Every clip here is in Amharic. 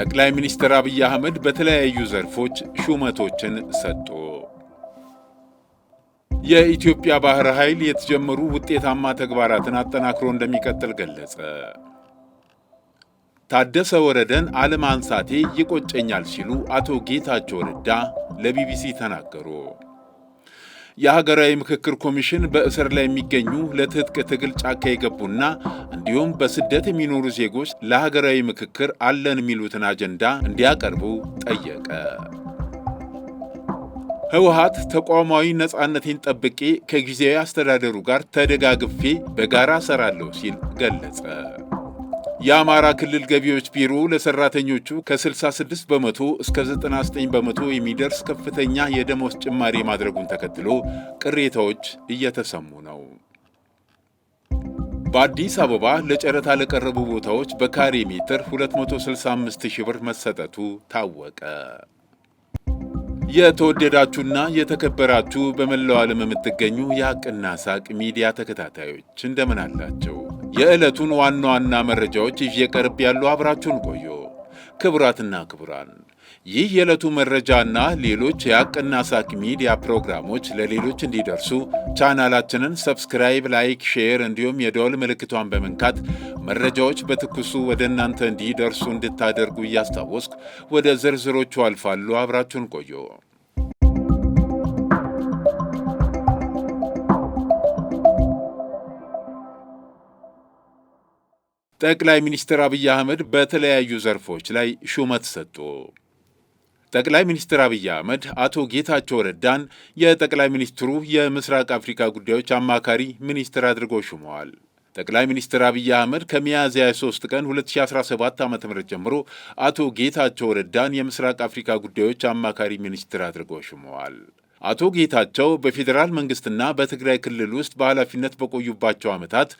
ጠቅላይ ሚኒስትር አብይ አህመድ በተለያዩ ዘርፎች ሹመቶችን ሰጡ። የኢትዮጵያ ባህር ኃይል የተጀመሩ ውጤታማ ተግባራትን አጠናክሮ እንደሚቀጥል ገለጸ። ታደሰ ወረደን አለማንሳቴ ይቆጨኛል ሲሉ አቶ ጌታቸው ረዳ ለቢቢሲ ተናገሩ። የሀገራዊ ምክክር ኮሚሽን በእስር ላይ የሚገኙ ለትጥቅ ትግል ጫካ የገቡና እንዲሁም በስደት የሚኖሩ ዜጎች ለሀገራዊ ምክክር አለን የሚሉትን አጀንዳ እንዲያቀርቡ ጠየቀ። ህወሀት ተቋማዊ ነጻነቴን ጠብቄ ከጊዜያዊ አስተዳደሩ ጋር ተደጋግፌ በጋራ እሰራለሁ ሲል ገለጸ። የአማራ ክልል ገቢዎች ቢሮ ለሰራተኞቹ ከ66 በመቶ እስከ 99 በመቶ የሚደርስ ከፍተኛ የደሞዝ ጭማሪ ማድረጉን ተከትሎ ቅሬታዎች እየተሰሙ ነው። በአዲስ አበባ ለጨረታ ለቀረቡ ቦታዎች በካሬ ሜትር 265 ሺህ ብር መሰጠቱ ታወቀ። የተወደዳችሁና የተከበራችሁ በመላው ዓለም የምትገኙ የሐቅና ሳቅ ሚዲያ ተከታታዮች እንደምን አላቸው? የዕለቱን ዋና ዋና መረጃዎች ይዤ ቀርብ ያሉ አብራችሁን ቆዩ። ክቡራትና ክቡራን ይህ የዕለቱ መረጃና ሌሎች የአቅና ሳቅ ሚዲያ ፕሮግራሞች ለሌሎች እንዲደርሱ ቻናላችንን ሰብስክራይብ፣ ላይክ፣ ሼር እንዲሁም የደወል ምልክቷን በመንካት መረጃዎች በትኩሱ ወደ እናንተ እንዲደርሱ እንድታደርጉ እያስታወስኩ ወደ ዝርዝሮቹ አልፋሉ። አብራችሁን ቆዩ። ጠቅላይ ሚኒስትር አብይ አህመድ በተለያዩ ዘርፎች ላይ ሹመት ሰጡ። ጠቅላይ ሚኒስትር አብይ አህመድ አቶ ጌታቸው ረዳን የጠቅላይ ሚኒስትሩ የምስራቅ አፍሪካ ጉዳዮች አማካሪ ሚኒስትር አድርገው ሹመዋል። ጠቅላይ ሚኒስትር አብይ አህመድ ከሚያዝያ 3 ቀን 2017 ዓ ም ጀምሮ አቶ ጌታቸው ረዳን የምስራቅ አፍሪካ ጉዳዮች አማካሪ ሚኒስትር አድርገው ሹመዋል። አቶ ጌታቸው በፌዴራል መንግስትና በትግራይ ክልል ውስጥ በኃላፊነት በቆዩባቸው ዓመታት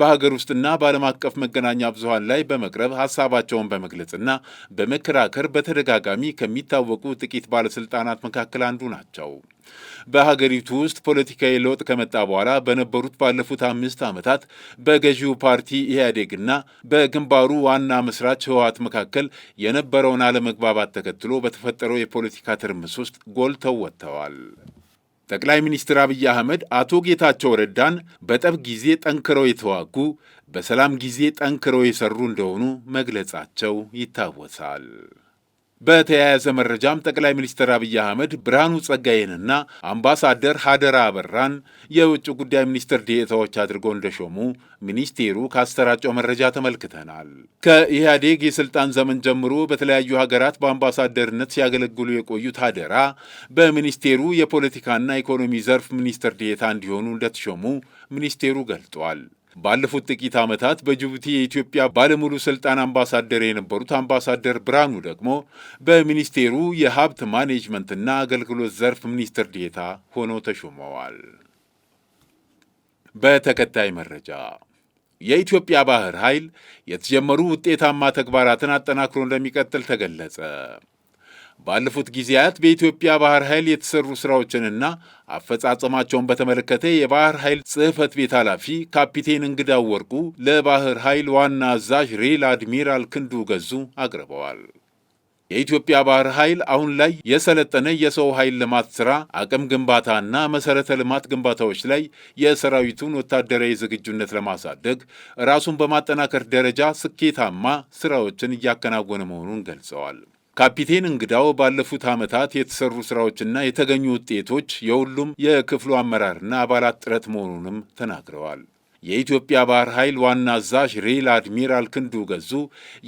በሀገር ውስጥና በዓለም አቀፍ መገናኛ ብዙሀን ላይ በመቅረብ ሀሳባቸውን በመግለጽና በመከራከር በተደጋጋሚ ከሚታወቁ ጥቂት ባለሥልጣናት መካከል አንዱ ናቸው። በሀገሪቱ ውስጥ ፖለቲካዊ ለውጥ ከመጣ በኋላ በነበሩት ባለፉት አምስት ዓመታት በገዢው ፓርቲ ኢህአዴግና በግንባሩ ዋና መስራች ህወሀት መካከል የነበረውን አለመግባባት ተከትሎ በተፈጠረው የፖለቲካ ትርምስ ውስጥ ጎልተው ወጥተዋል። ጠቅላይ ሚኒስትር አብይ አህመድ አቶ ጌታቸው ረዳን በጠብ ጊዜ ጠንክረው የተዋጉ በሰላም ጊዜ ጠንክረው የሰሩ እንደሆኑ መግለጻቸው ይታወሳል። በተያያዘ መረጃም ጠቅላይ ሚኒስትር አብይ አህመድ ብርሃኑ ጸጋዬንና አምባሳደር ሀደራ አበራን የውጭ ጉዳይ ሚኒስትር ዴኤታዎች አድርጎ እንደሾሙ ሚኒስቴሩ ካሰራጨው መረጃ ተመልክተናል። ከኢህአዴግ የስልጣን ዘመን ጀምሮ በተለያዩ ሀገራት በአምባሳደርነት ሲያገለግሉ የቆዩት ሀደራ በሚኒስቴሩ የፖለቲካና ኢኮኖሚ ዘርፍ ሚኒስትር ዴኤታ እንዲሆኑ እንደተሾሙ ሚኒስቴሩ ገልጧል። ባለፉት ጥቂት ዓመታት በጅቡቲ የኢትዮጵያ ባለሙሉ ስልጣን አምባሳደር የነበሩት አምባሳደር ብርሃኑ ደግሞ በሚኒስቴሩ የሀብት ማኔጅመንትና አገልግሎት ዘርፍ ሚኒስትር ዴታ ሆነው ተሾመዋል። በተከታይ መረጃ የኢትዮጵያ ባህር ኃይል የተጀመሩ ውጤታማ ተግባራትን አጠናክሮ እንደሚቀጥል ተገለጸ። ባለፉት ጊዜያት በኢትዮጵያ ባህር ኃይል የተሰሩ ስራዎችንና አፈጻጸማቸውን በተመለከተ የባህር ኃይል ጽሕፈት ቤት ኃላፊ ካፒቴን እንግዳው ወርቁ ለባህር ኃይል ዋና አዛዥ ሬል አድሚራል ክንዱ ገዙ አቅርበዋል። የኢትዮጵያ ባህር ኃይል አሁን ላይ የሰለጠነ የሰው ኃይል ልማት ሥራ፣ አቅም ግንባታና መሠረተ ልማት ግንባታዎች ላይ የሰራዊቱን ወታደራዊ ዝግጁነት ለማሳደግ ራሱን በማጠናከር ደረጃ ስኬታማ ሥራዎችን እያከናወነ መሆኑን ገልጸዋል። ካፒቴን እንግዳው ባለፉት ዓመታት የተሰሩ ስራዎችና የተገኙ ውጤቶች የሁሉም የክፍሉ አመራርና አባላት ጥረት መሆኑንም ተናግረዋል። የኢትዮጵያ ባህር ኃይል ዋና አዛዥ ሬል አድሚራል ክንዱ ገዙ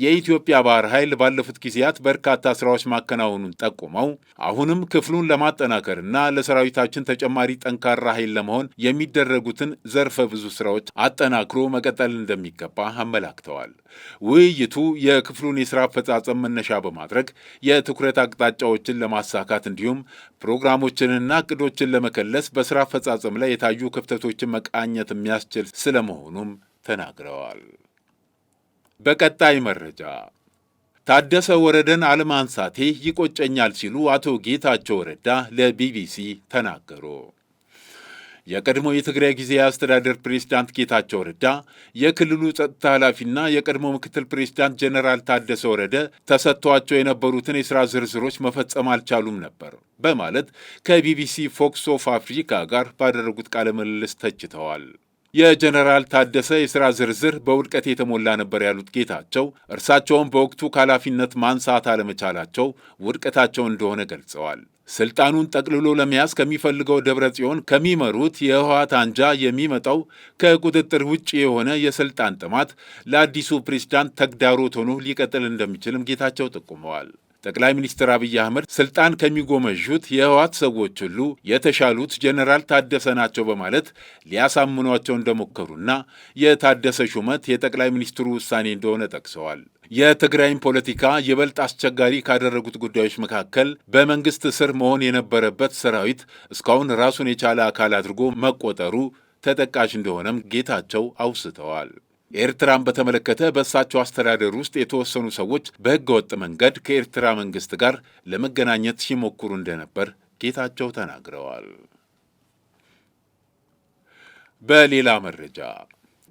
የኢትዮጵያ ባህር ኃይል ባለፉት ጊዜያት በርካታ ስራዎች ማከናወኑን ጠቁመው አሁንም ክፍሉን ለማጠናከርና ለሰራዊታችን ተጨማሪ ጠንካራ ኃይል ለመሆን የሚደረጉትን ዘርፈ ብዙ ስራዎች አጠናክሮ መቀጠል እንደሚገባ አመላክተዋል። ውይይቱ የክፍሉን የስራ አፈጻጸም መነሻ በማድረግ የትኩረት አቅጣጫዎችን ለማሳካት እንዲሁም ፕሮግራሞችንና እቅዶችን ለመከለስ በስራ አፈጻጸም ላይ የታዩ ክፍተቶችን መቃኘት የሚያስችል ስለመሆኑም ተናግረዋል። በቀጣይ መረጃ ታደሰ ወረደን አለማንሳቴ ይቆጨኛል ሲሉ አቶ ጌታቸው ረዳ ለቢቢሲ ተናገሩ። የቀድሞ የትግራይ ጊዜ አስተዳደር ፕሬዝዳንት ጌታቸው ረዳ፣ የክልሉ ጸጥታ ኃላፊና የቀድሞ ምክትል ፕሬዝዳንት ጀነራል ታደሰ ወረደ ተሰጥቷቸው የነበሩትን የሥራ ዝርዝሮች መፈጸም አልቻሉም ነበር በማለት ከቢቢሲ ፎክስ ኦፍ አፍሪካ ጋር ባደረጉት ቃለ ምልልስ ተችተዋል። የጀነራል ታደሰ የሥራ ዝርዝር በውድቀት የተሞላ ነበር ያሉት ጌታቸው እርሳቸውን በወቅቱ ከኃላፊነት ማንሳት አለመቻላቸው ውድቀታቸው እንደሆነ ገልጸዋል። ስልጣኑን ጠቅልሎ ለመያዝ ከሚፈልገው ደብረ ጽዮን ከሚመሩት የህወሓት አንጃ የሚመጣው ከቁጥጥር ውጭ የሆነ የስልጣን ጥማት ለአዲሱ ፕሬዝዳንት ተግዳሮት ሆኖ ሊቀጥል እንደሚችልም ጌታቸው ጠቁመዋል። ጠቅላይ ሚኒስትር አብይ አህመድ ስልጣን ከሚጎመዡት የህወሓት ሰዎች ሁሉ የተሻሉት ጀኔራል ታደሰ ናቸው በማለት ሊያሳምኗቸው እንደሞከሩና የታደሰ ሹመት የጠቅላይ ሚኒስትሩ ውሳኔ እንደሆነ ጠቅሰዋል። የትግራይን ፖለቲካ ይበልጥ አስቸጋሪ ካደረጉት ጉዳዮች መካከል በመንግስት ስር መሆን የነበረበት ሰራዊት እስካሁን ራሱን የቻለ አካል አድርጎ መቆጠሩ ተጠቃሽ እንደሆነም ጌታቸው አውስተዋል። ኤርትራን በተመለከተ በእሳቸው አስተዳደር ውስጥ የተወሰኑ ሰዎች በሕገ ወጥ መንገድ ከኤርትራ መንግሥት ጋር ለመገናኘት ሲሞክሩ እንደነበር ጌታቸው ተናግረዋል። በሌላ መረጃ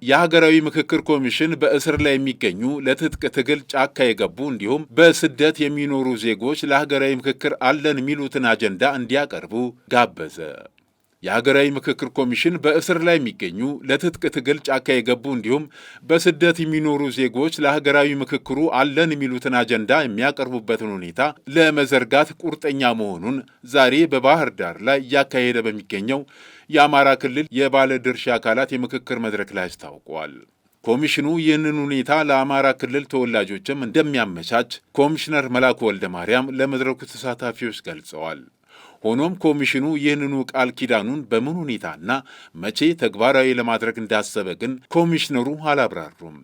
የሀገራዊ ምክክር ኮሚሽን በእስር ላይ የሚገኙ ለትጥቅ ትግል ጫካ የገቡ እንዲሁም በስደት የሚኖሩ ዜጎች ለሀገራዊ ምክክር አለን የሚሉትን አጀንዳ እንዲያቀርቡ ጋበዘ። የሀገራዊ ምክክር ኮሚሽን በእስር ላይ የሚገኙ ለትጥቅ ትግል ጫካ የገቡ እንዲሁም በስደት የሚኖሩ ዜጎች ለሀገራዊ ምክክሩ አለን የሚሉትን አጀንዳ የሚያቀርቡበትን ሁኔታ ለመዘርጋት ቁርጠኛ መሆኑን ዛሬ በባህር ዳር ላይ እያካሄደ በሚገኘው የአማራ ክልል የባለ ድርሻ አካላት የምክክር መድረክ ላይ አስታውቋል። ኮሚሽኑ ይህንን ሁኔታ ለአማራ ክልል ተወላጆችም እንደሚያመቻች ኮሚሽነር መላኩ ወልደ ማርያም ለመድረኩ ተሳታፊዎች ገልጸዋል። ሆኖም ኮሚሽኑ ይህንኑ ቃል ኪዳኑን በምን ሁኔታና መቼ ተግባራዊ ለማድረግ እንዳሰበ ግን ኮሚሽነሩ አላብራሩም።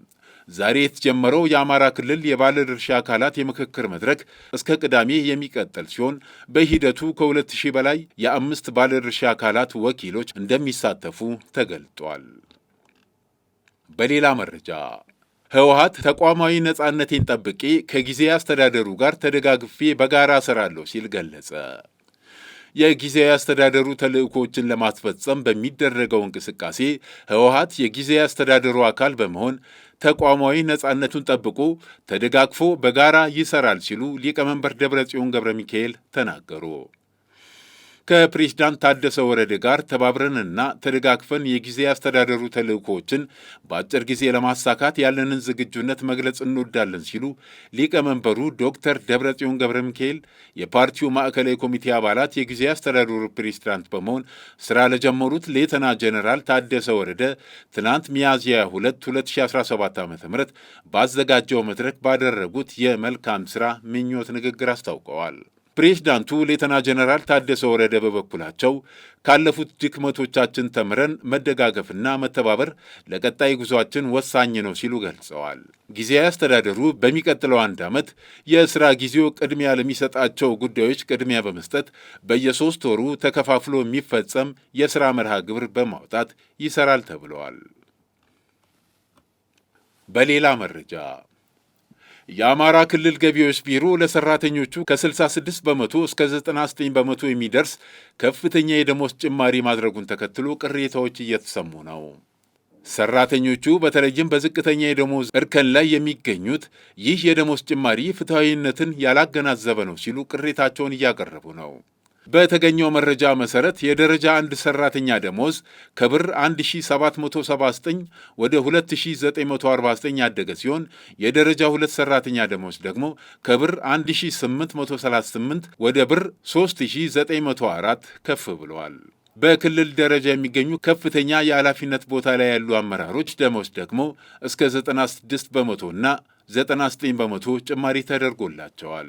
ዛሬ የተጀመረው የአማራ ክልል የባለድርሻ አካላት የምክክር መድረክ እስከ ቅዳሜ የሚቀጥል ሲሆን በሂደቱ ከ ሺህ በላይ የአምስት ባለድርሻ አካላት ወኪሎች እንደሚሳተፉ ተገልጧል። በሌላ መረጃ ህወሀት ተቋማዊ ነጻነቴን ጠብቄ ከጊዜ አስተዳደሩ ጋር ተደጋግፌ በጋራ እሰራለሁ ሲል ገለጸ። የጊዜያዊ አስተዳደሩ ተልዕኮዎችን ለማስፈጸም በሚደረገው እንቅስቃሴ ህወሀት የጊዜያዊ አስተዳደሩ አካል በመሆን ተቋማዊ ነጻነቱን ጠብቆ ተደጋግፎ በጋራ ይሰራል ሲሉ ሊቀመንበር ደብረጽዮን ገብረ ሚካኤል ተናገሩ። ከፕሬዝዳንት ታደሰ ወረደ ጋር ተባብረንና ተደጋግፈን የጊዜ ያስተዳደሩ ተልእኮዎችን በአጭር ጊዜ ለማሳካት ያለንን ዝግጁነት መግለጽ እንወዳለን ሲሉ ሊቀመንበሩ ዶክተር ደብረጽዮን ገብረ ሚካኤል የፓርቲው ማዕከላዊ ኮሚቴ አባላት የጊዜ አስተዳደሩ ፕሬዚዳንት በመሆን ስራ ለጀመሩት ሌተና ጀኔራል ታደሰ ወረደ ትናንት ሚያዝያ 2 2017 ዓ ም ባዘጋጀው መድረክ ባደረጉት የመልካም ስራ ምኞት ንግግር አስታውቀዋል። ፕሬዝዳንቱ ሌተና ጀነራል ታደሰ ወረደ በበኩላቸው ካለፉት ድክመቶቻችን ተምረን መደጋገፍና መተባበር ለቀጣይ ጉዟችን ወሳኝ ነው ሲሉ ገልጸዋል። ጊዜያዊ አስተዳደሩ በሚቀጥለው አንድ ዓመት የሥራ ጊዜው ቅድሚያ ለሚሰጣቸው ጉዳዮች ቅድሚያ በመስጠት በየሶስት ወሩ ተከፋፍሎ የሚፈጸም የሥራ መርሃ ግብር በማውጣት ይሰራል ተብለዋል። በሌላ መረጃ የአማራ ክልል ገቢዎች ቢሮ ለሰራተኞቹ ከ66 በመቶ እስከ 99 በመቶ የሚደርስ ከፍተኛ የደሞዝ ጭማሪ ማድረጉን ተከትሎ ቅሬታዎች እየተሰሙ ነው። ሰራተኞቹ በተለይም በዝቅተኛ የደሞዝ እርከን ላይ የሚገኙት ይህ የደሞዝ ጭማሪ ፍትሐዊነትን ያላገናዘበ ነው ሲሉ ቅሬታቸውን እያቀረቡ ነው። በተገኘው መረጃ መሰረት የደረጃ አንድ ሰራተኛ ደሞዝ ከብር 1779 ወደ 2949 ያደገ ሲሆን የደረጃ ሁለት ሰራተኛ ደሞዝ ደግሞ ከብር 1838 ወደ ብር 3904 ከፍ ብለዋል። በክልል ደረጃ የሚገኙ ከፍተኛ የኃላፊነት ቦታ ላይ ያሉ አመራሮች ደሞዝ ደግሞ እስከ 96 እና 99 በመቶ ጭማሪ ተደርጎላቸዋል።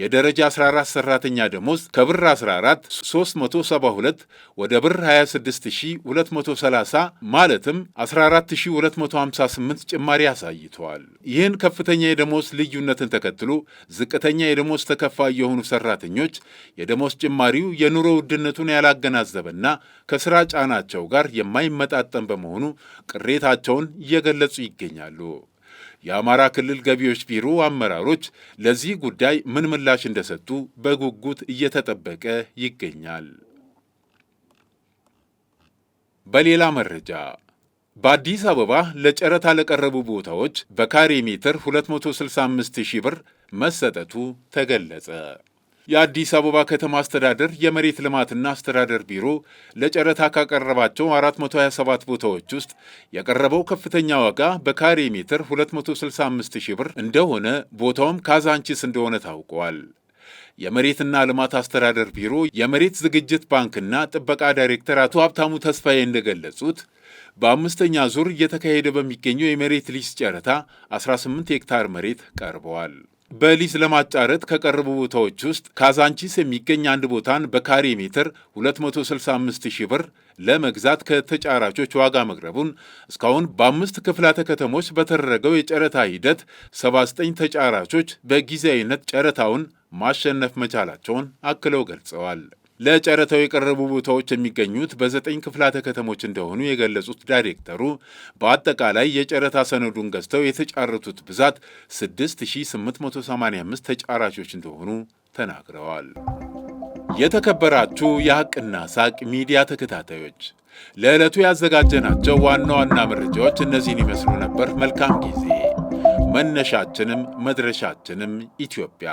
የደረጃ 14 ሰራተኛ ደሞዝ ከብር 14 372 ወደ ብር 26230 ማለትም 14258 ጭማሪ አሳይተዋል። ይህን ከፍተኛ የደሞዝ ልዩነትን ተከትሎ ዝቅተኛ የደሞዝ ተከፋይ የሆኑ ሰራተኞች የደሞዝ ጭማሪው የኑሮ ውድነቱን ያላገናዘበና ከስራ ጫናቸው ጋር የማይመጣጠን በመሆኑ ቅሬታቸውን እየገለጹ ይገኛሉ። የአማራ ክልል ገቢዎች ቢሮ አመራሮች ለዚህ ጉዳይ ምን ምላሽ እንደሰጡ በጉጉት እየተጠበቀ ይገኛል። በሌላ መረጃ በአዲስ አበባ ለጨረታ ለቀረቡ ቦታዎች በካሬ ሜትር 265 ሺህ ብር መሰጠቱ ተገለጸ። የአዲስ አበባ ከተማ አስተዳደር የመሬት ልማትና አስተዳደር ቢሮ ለጨረታ ካቀረባቸው 427 ቦታዎች ውስጥ የቀረበው ከፍተኛ ዋጋ በካሬ ሜትር 265 ሺህ ብር እንደሆነ ቦታውም ካዛንቺስ እንደሆነ ታውቋል። የመሬትና ልማት አስተዳደር ቢሮ የመሬት ዝግጅት ባንክና ጥበቃ ዳይሬክተር አቶ ሀብታሙ ተስፋዬ እንደገለጹት በአምስተኛ ዙር እየተካሄደ በሚገኘው የመሬት ሊስ ጨረታ 18 ሄክታር መሬት ቀርበዋል። በሊዝ ለማጫረት ከቀረቡ ቦታዎች ውስጥ ካዛንቺስ የሚገኝ አንድ ቦታን በካሬ ሜትር 265 ሺህ ብር ለመግዛት ከተጫራቾች ዋጋ መቅረቡን እስካሁን በአምስት ክፍላተ ከተሞች በተደረገው የጨረታ ሂደት 79 ተጫራቾች በጊዜያዊነት ጨረታውን ማሸነፍ መቻላቸውን አክለው ገልጸዋል። ለጨረታው የቀረቡ ቦታዎች የሚገኙት በዘጠኝ ክፍላተ ከተሞች እንደሆኑ የገለጹት ዳይሬክተሩ በአጠቃላይ የጨረታ ሰነዱን ገዝተው የተጫረቱት ብዛት 6885 ተጫራቾች እንደሆኑ ተናግረዋል። የተከበራችሁ የሐቅና ሳቅ ሚዲያ ተከታታዮች ለዕለቱ ያዘጋጀናቸው ዋና ዋና መረጃዎች እነዚህን ይመስሉ ነበር። መልካም ጊዜ። መነሻችንም መድረሻችንም ኢትዮጵያ።